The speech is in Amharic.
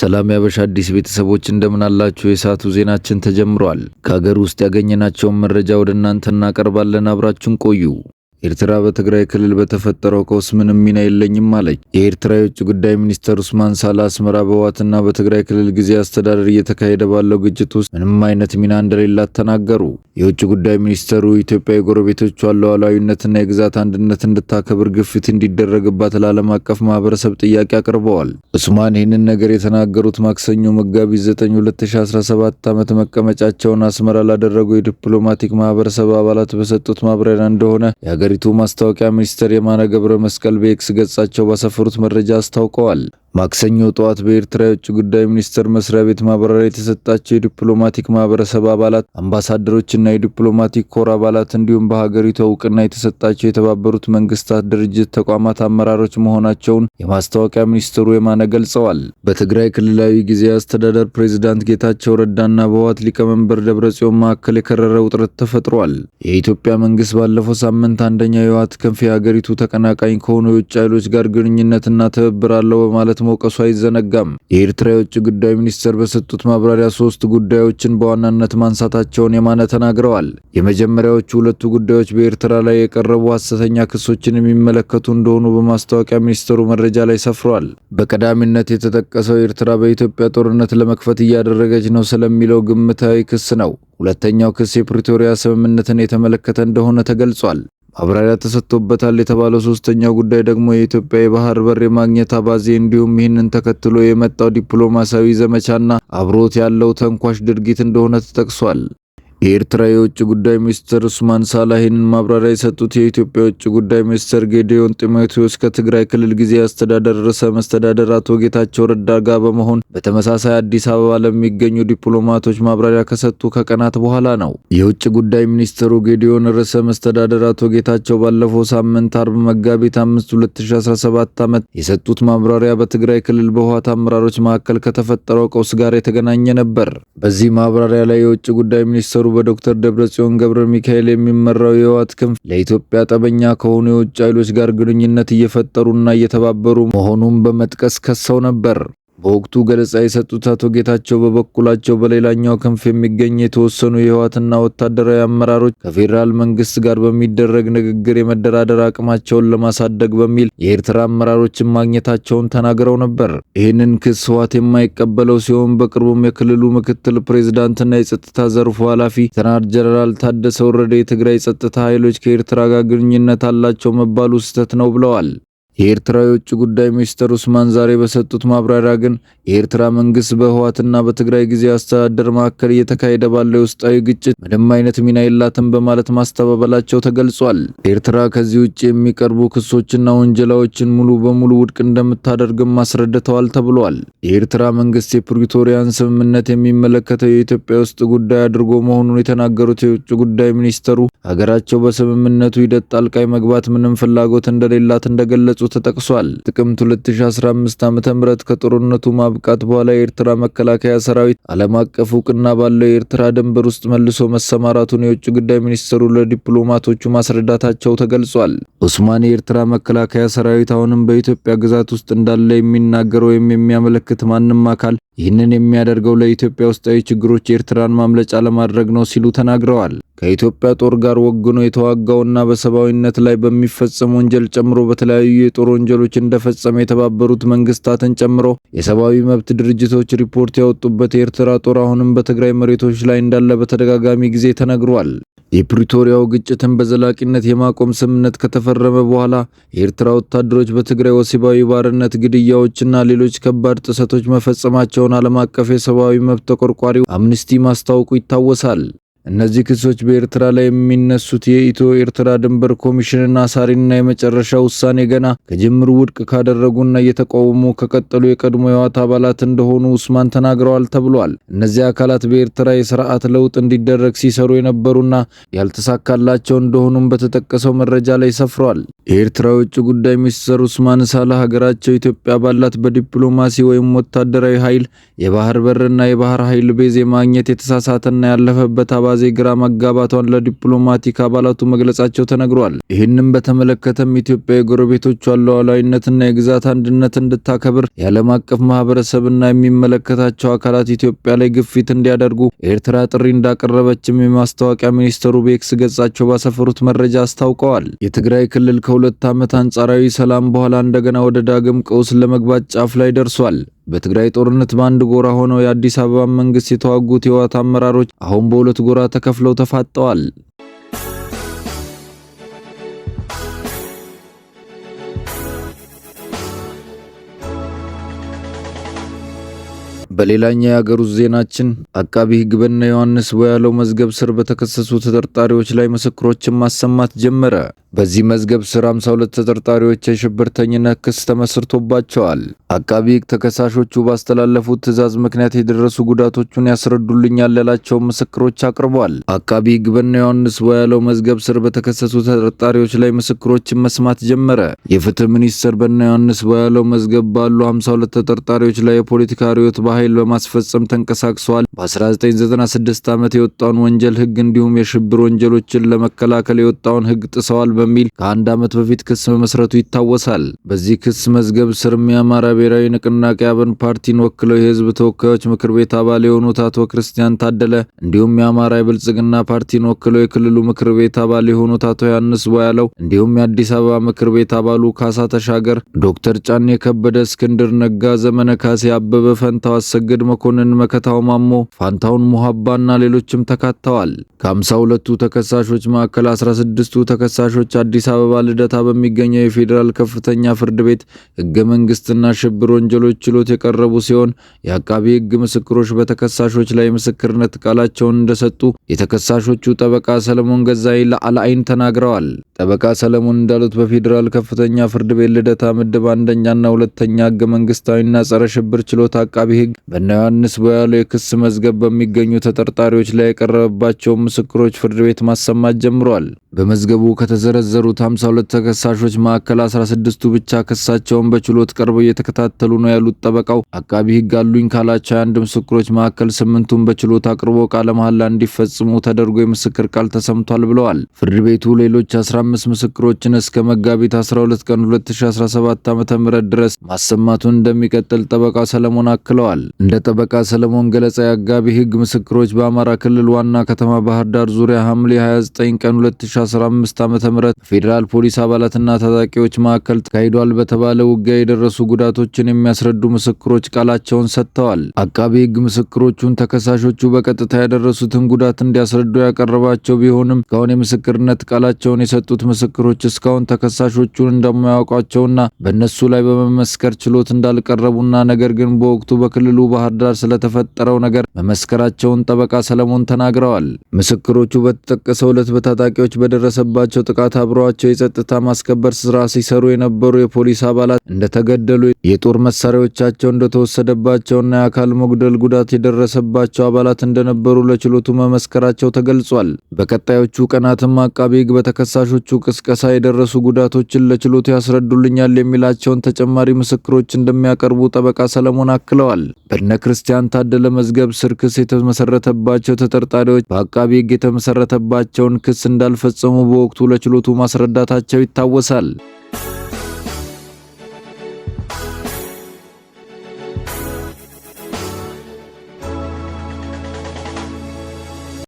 ሰላም ያበሻ አዲስ ቤተሰቦች እንደምን አላችሁ? የሰዓቱ ዜናችን ተጀምሯል። ከሀገር ውስጥ ያገኘናቸውን መረጃ ወደ እናንተ እናቀርባለን። አብራችን ቆዩ። ኤርትራ በትግራይ ክልል በተፈጠረው ቀውስ ምንም ሚና የለኝም አለች። የኤርትራ የውጭ ጉዳይ ሚኒስተር ኡስማን ሳላ አስመራ በዋትና በትግራይ ክልል ጊዜ አስተዳደር እየተካሄደ ባለው ግጭት ውስጥ ምንም አይነት ሚና እንደሌላት ተናገሩ። የውጭ ጉዳይ ሚኒስተሩ ኢትዮጵያ የጎረቤቶቿን ሉዓላዊነትና የግዛት አንድነት እንድታከብር ግፊት እንዲደረግባት ለዓለም አቀፍ ማህበረሰብ ጥያቄ አቅርበዋል። ኡስማን ይህንን ነገር የተናገሩት ማክሰኞ መጋቢት 9 2017 ዓመት መቀመጫቸውን አስመራ ላደረጉ የዲፕሎማቲክ ማህበረሰብ አባላት በሰጡት ማብራሪያ እንደሆነ የሀገሪቱ ማስታወቂያ ሚኒስትር የማነ ገብረ መስቀል በኤክስ ገጻቸው ባሰፈሩት መረጃ አስታውቀዋል። ማክሰኞ ጠዋት በኤርትራ የውጭ ጉዳይ ሚኒስቴር መስሪያ ቤት ማብራሪያ የተሰጣቸው የዲፕሎማቲክ ማህበረሰብ አባላት አምባሳደሮችና የዲፕሎማቲክ ኮር አባላት እንዲሁም በሀገሪቱ እውቅና የተሰጣቸው የተባበሩት መንግስታት ድርጅት ተቋማት አመራሮች መሆናቸውን የማስታወቂያ ሚኒስትሩ የማነ ገልጸዋል። በትግራይ ክልላዊ ጊዜ አስተዳደር ፕሬዚዳንት ጌታቸው ረዳና በህወሓት ሊቀመንበር ደብረጽዮን መካከል የከረረ ውጥረት ተፈጥሯል። የኢትዮጵያ መንግስት ባለፈው ሳምንት አንደኛ የህወሓት ክንፍ የሀገሪቱ ተቀናቃኝ ከሆኑ የውጭ ኃይሎች ጋር ግንኙነትና ትብብር አለው በማለት ጥቃት መውቀሱ አይዘነጋም። የኤርትራ የውጭ ጉዳይ ሚኒስቴር በሰጡት ማብራሪያ ሶስት ጉዳዮችን በዋናነት ማንሳታቸውን የማነ ተናግረዋል። የመጀመሪያዎቹ ሁለቱ ጉዳዮች በኤርትራ ላይ የቀረቡ ሐሰተኛ ክሶችን የሚመለከቱ እንደሆኑ በማስታወቂያ ሚኒስቴሩ መረጃ ላይ ሰፍሯል። በቀዳሚነት የተጠቀሰው ኤርትራ በኢትዮጵያ ጦርነት ለመክፈት እያደረገች ነው ስለሚለው ግምታዊ ክስ ነው። ሁለተኛው ክስ የፕሪቶሪያ ስምምነትን የተመለከተ እንደሆነ ተገልጿል። ማብራሪያ ተሰጥቶበታል የተባለው ሶስተኛው ጉዳይ ደግሞ የኢትዮጵያ የባህር በር የማግኘት አባዜ እንዲሁም ይህንን ተከትሎ የመጣው ዲፕሎማሲያዊ ዘመቻና አብሮት ያለው ተንኳሽ ድርጊት እንደሆነ ተጠቅሷል። የኤርትራ የውጭ ጉዳይ ሚኒስትር ኡስማን ሳላህ ይህንን ማብራሪያ የሰጡት የኢትዮጵያ የውጭ ጉዳይ ሚኒስትር ጌዲዮን ጢሞቴዎስ ከትግራይ ክልል ጊዜ አስተዳደር ርዕሰ መስተዳደር አቶ ጌታቸው ረዳ ጋር በመሆን በተመሳሳይ አዲስ አበባ ለሚገኙ ዲፕሎማቶች ማብራሪያ ከሰጡ ከቀናት በኋላ ነው። የውጭ ጉዳይ ሚኒስትሩ ጌዲዮን ርዕሰ መስተዳደር አቶ ጌታቸው ባለፈው ሳምንት አርብ መጋቢት 5 2017 ዓመት የሰጡት ማብራሪያ በትግራይ ክልል በህወሓት አመራሮች መካከል ከተፈጠረው ቀውስ ጋር የተገናኘ ነበር። በዚህ ማብራሪያ ላይ የውጭ ጉዳይ ሚኒስትሩ በዶክተር ደብረጽዮን ገብረ ሚካኤል የሚመራው የህወሓት ክንፍ ለኢትዮጵያ ጠበኛ ከሆኑ የውጭ ኃይሎች ጋር ግንኙነት እየፈጠሩና እየተባበሩ መሆኑን በመጥቀስ ከሰው ነበር። በወቅቱ ገለጻ የሰጡት አቶ ጌታቸው በበኩላቸው በሌላኛው ክንፍ የሚገኝ የተወሰኑ የህወሓትና ወታደራዊ አመራሮች ከፌዴራል መንግስት ጋር በሚደረግ ንግግር የመደራደር አቅማቸውን ለማሳደግ በሚል የኤርትራ አመራሮችን ማግኘታቸውን ተናግረው ነበር። ይህንን ክስ ህወሓት የማይቀበለው ሲሆን በቅርቡም የክልሉ ምክትል ፕሬዝዳንትና የጸጥታ ዘርፉ ኃላፊ ሌተናንት ጀነራል ታደሰ ወረደ የትግራይ ጸጥታ ኃይሎች ከኤርትራ ጋር ግንኙነት አላቸው መባሉ ስህተት ነው ብለዋል። የኤርትራ የውጭ ጉዳይ ሚኒስትር ኡስማን ዛሬ በሰጡት ማብራሪያ ግን የኤርትራ መንግስት በህወሓትና በትግራይ ጊዜ አስተዳደር መካከል እየተካሄደ ባለው የውስጣዊ ግጭት ምንም አይነት ሚና የላትም በማለት ማስተባበላቸው ተገልጿል። ኤርትራ ከዚህ ውጭ የሚቀርቡ ክሶችና ወንጀላዎችን ሙሉ በሙሉ ውድቅ እንደምታደርግም አስረድተዋል ተብሏል። የኤርትራ መንግስት የፕሪቶሪያን ስምምነት የሚመለከተው የኢትዮጵያ ውስጥ ጉዳይ አድርጎ መሆኑን የተናገሩት የውጭ ጉዳይ ሚኒስትሩ ሀገራቸው በስምምነቱ ሂደት ጣልቃይ መግባት ምንም ፍላጎት እንደሌላት እንደገለጹ ተጠቅሷል። ጥቅምት 2015 ዓ ም ከጦርነቱ ማብቃት በኋላ የኤርትራ መከላከያ ሰራዊት ዓለም አቀፍ እውቅና ባለው የኤርትራ ድንበር ውስጥ መልሶ መሰማራቱን የውጭ ጉዳይ ሚኒስትሩ ለዲፕሎማቶቹ ማስረዳታቸው ተገልጿል። ኡስማን የኤርትራ መከላከያ ሰራዊት አሁንም በኢትዮጵያ ግዛት ውስጥ እንዳለ የሚናገር ወይም የሚያመለክት ማንም አካል ይህንን የሚያደርገው ለኢትዮጵያ ውስጣዊ ችግሮች የኤርትራን ማምለጫ ለማድረግ ነው ሲሉ ተናግረዋል። ከኢትዮጵያ ጦር ጋር ወግኖ የተዋጋውና በሰብአዊነት ላይ በሚፈጸም ወንጀል ጨምሮ በተለያዩ የጦር ወንጀሎች እንደፈጸመ የተባበሩት መንግስታትን ጨምሮ የሰብአዊ መብት ድርጅቶች ሪፖርት ያወጡበት የኤርትራ ጦር አሁንም በትግራይ መሬቶች ላይ እንዳለ በተደጋጋሚ ጊዜ ተነግሯል። የፕሪቶሪያው ግጭትን በዘላቂነት የማቆም ስምምነት ከተፈረመ በኋላ የኤርትራ ወታደሮች በትግራይ ወሲባዊ ባርነት፣ ግድያዎችና ሌሎች ከባድ ጥሰቶች መፈጸማቸውን ዓለም አቀፍ የሰብአዊ መብት ተቆርቋሪው አምንስቲ ማስታወቁ ይታወሳል። እነዚህ ክሶች በኤርትራ ላይ የሚነሱት የኢትዮ ኤርትራ ድንበር ኮሚሽንና ሳሪና የመጨረሻ ውሳኔ ገና ከጅምሩ ውድቅ ካደረጉና እየተቃወሙ ከቀጠሉ የቀድሞ የዋት አባላት እንደሆኑ ኡስማን ተናግረዋል ተብሏል። እነዚህ አካላት በኤርትራ የስርዓት ለውጥ እንዲደረግ ሲሰሩ የነበሩና ያልተሳካላቸው እንደሆኑም በተጠቀሰው መረጃ ላይ ሰፍረዋል። የኤርትራ የውጭ ጉዳይ ሚኒስትር ኡስማን ሳለ ሀገራቸው ኢትዮጵያ ባላት በዲፕሎማሲ ወይም ወታደራዊ ኃይል የባህር በርና የባህር ኃይል ቤዝ የማግኘት የተሳሳተና ያለፈበት አባል አባዜ ግራ መጋባቷን ለዲፕሎማቲክ አባላቱ መግለጻቸው ተነግሯል። ይህንም በተመለከተም ኢትዮጵያ የጎረቤቶቿን ሉዓላዊነትና የግዛት አንድነት እንድታከብር የዓለም አቀፍ ማህበረሰብና የሚመለከታቸው አካላት ኢትዮጵያ ላይ ግፊት እንዲያደርጉ ኤርትራ ጥሪ እንዳቀረበችም የማስታወቂያ ሚኒስትሩ በኤክስ ገጻቸው ባሰፈሩት መረጃ አስታውቀዋል። የትግራይ ክልል ከሁለት ዓመት አንጻራዊ ሰላም በኋላ እንደገና ወደ ዳግም ቀውስ ለመግባት ጫፍ ላይ ደርሷል። በትግራይ ጦርነት በአንድ ጎራ ሆነው የአዲስ አበባን መንግስት የተዋጉት የህወሓት አመራሮች አሁን በሁለት ጎራ ተከፍለው ተፋጠዋል። በሌላኛው የአገር ውስጥ ዜናችን አቃቢ ህግ በነ ዮሐንስ ቦያለው መዝገብ ስር በተከሰሱ ተጠርጣሪዎች ላይ ምስክሮችን ማሰማት ጀመረ። በዚህ መዝገብ ስር 52 ተጠርጣሪዎች የሽብርተኝነት ክስ ተመስርቶባቸዋል። አቃቢ ሕግ ተከሳሾቹ ባስተላለፉት ትዕዛዝ ምክንያት የደረሱ ጉዳቶቹን ያስረዱልኛል ያላቸውን ምስክሮች አቅርቧል። አቃቢ ሕግ በነ ዮሐንስ ወያለው መዝገብ ስር በተከሰሱ ተጠርጣሪዎች ላይ ምስክሮችን መስማት ጀመረ። የፍትህ ሚኒስቴር በነ ዮሐንስ ወያለው መዝገብ ባሉ 52 ተጠርጣሪዎች ላይ የፖለቲካ ርዕዮት በኃይል በማስፈጸም ተንቀሳቅሰዋል፣ በ1996 ዓመት የወጣውን ወንጀል ህግ እንዲሁም የሽብር ወንጀሎችን ለመከላከል የወጣውን ሕግ ጥሰዋል በሚል ከአንድ ዓመት በፊት ክስ መመስረቱ ይታወሳል። በዚህ ክስ መዝገብ ስርም የአማራ ብሔራዊ ንቅናቄ አብን ፓርቲን ወክለው የህዝብ ተወካዮች ምክር ቤት አባል የሆኑት አቶ ክርስቲያን ታደለ እንዲሁም የአማራ የብልጽግና ፓርቲን ወክለው የክልሉ ምክር ቤት አባል የሆኑት አቶ ዮሐንስ ቦያለው እንዲሁም የአዲስ አበባ ምክር ቤት አባሉ ካሳ ተሻገር፣ ዶክተር ጫኔ ከበደ፣ እስክንድር ነጋ፣ ዘመነ ካሴ፣ አበበ ፈንታው፣ አሰግድ መኮንን፣ መከታው ማሞ፣ ፋንታውን ሙሀባና ሌሎችም ተካተዋል። ከ52ቱ ተከሳሾች መካከል 16ቱ ተከሳሾች ተከሳሾች አዲስ አበባ ልደታ በሚገኘው የፌዴራል ከፍተኛ ፍርድ ቤት ህገ መንግስትና ሽብር ወንጀሎች ችሎት የቀረቡ ሲሆን የአቃቢ ህግ ምስክሮች በተከሳሾች ላይ ምስክርነት ቃላቸውን እንደሰጡ የተከሳሾቹ ጠበቃ ሰለሞን ገዛይ ለአልአይን ተናግረዋል። ጠበቃ ሰለሞን እንዳሉት በፌዴራል ከፍተኛ ፍርድ ቤት ልደታ ምድብ አንደኛና ሁለተኛ ህገ መንግስታዊና ጸረ ሽብር ችሎት አቃቢ ህግ በእነ ዮሐንስ ቦያሎ የክስ መዝገብ በሚገኙ ተጠርጣሪዎች ላይ የቀረበባቸውን ምስክሮች ፍርድ ቤት ማሰማት ጀምሯል። በመዝገቡ ከተዘረዘሩት 52 ተከሳሾች መካከል 16ቱ ብቻ ክሳቸውን በችሎት ቀርበው እየተከታተሉ ነው ያሉት ጠበቃው አቃቢ ህግ አሉኝ ካላቸው የአንድ ምስክሮች መካከል ስምንቱን በችሎት አቅርቦ ቃለ መሐላ እንዲፈጽሙ ተደርጎ የምስክር ቃል ተሰምቷል ብለዋል። ፍርድ ቤቱ ሌሎች 15 አምስት ምስክሮችን እስከ መጋቢት 12 ቀን 2017 ዓ.ም ድረስ ማሰማቱን እንደሚቀጥል ጠበቃ ሰለሞን አክለዋል። እንደ ጠበቃ ሰለሞን ገለጻ የአቃቢ ሕግ ምስክሮች በአማራ ክልል ዋና ከተማ ባህር ዳር ዙሪያ ሐምሌ 29 ቀን 2015 ዓ.ም በፌዴራል ፖሊስ አባላትና ታጣቂዎች መካከል ተካሂዷል በተባለ ውጊያ የደረሱ ጉዳቶችን የሚያስረዱ ምስክሮች ቃላቸውን ሰጥተዋል። አቃቢ ሕግ ምስክሮቹን ተከሳሾቹ በቀጥታ ያደረሱትን ጉዳት እንዲያስረዱ ያቀረባቸው ቢሆንም እስካሁን የምስክርነት ቃላቸውን የሰጡት የቀረቡት ምስክሮች እስካሁን ተከሳሾቹን እንደማያውቋቸውና በእነሱ ላይ በመመስከር ችሎት እንዳልቀረቡና ነገር ግን በወቅቱ በክልሉ ባህር ዳር ስለተፈጠረው ነገር መመስከራቸውን ጠበቃ ሰለሞን ተናግረዋል። ምስክሮቹ በተጠቀሰው ዕለት በታጣቂዎች በደረሰባቸው ጥቃት አብረዋቸው የጸጥታ ማስከበር ስራ ሲሰሩ የነበሩ የፖሊስ አባላት እንደተገደሉ፣ የጦር መሳሪያዎቻቸው እንደተወሰደባቸውና የአካል መጉደል ጉዳት የደረሰባቸው አባላት እንደነበሩ ለችሎቱ መመስከራቸው ተገልጿል። በቀጣዮቹ ቀናትም አቃቢ ሕግ በተከሳሾቹ ቅስቀሳ የደረሱ ጉዳቶችን ለችሎት ያስረዱልኛል የሚላቸውን ተጨማሪ ምስክሮች እንደሚያቀርቡ ጠበቃ ሰለሞን አክለዋል። በነ ክርስቲያን ታደለ መዝገብ ስር ክስ የተመሰረተባቸው ተጠርጣሪዎች በአቃቢ ሕግ የተመሰረተባቸውን ክስ እንዳልፈጸሙ በወቅቱ ለችሎቱ ማስረዳታቸው ይታወሳል።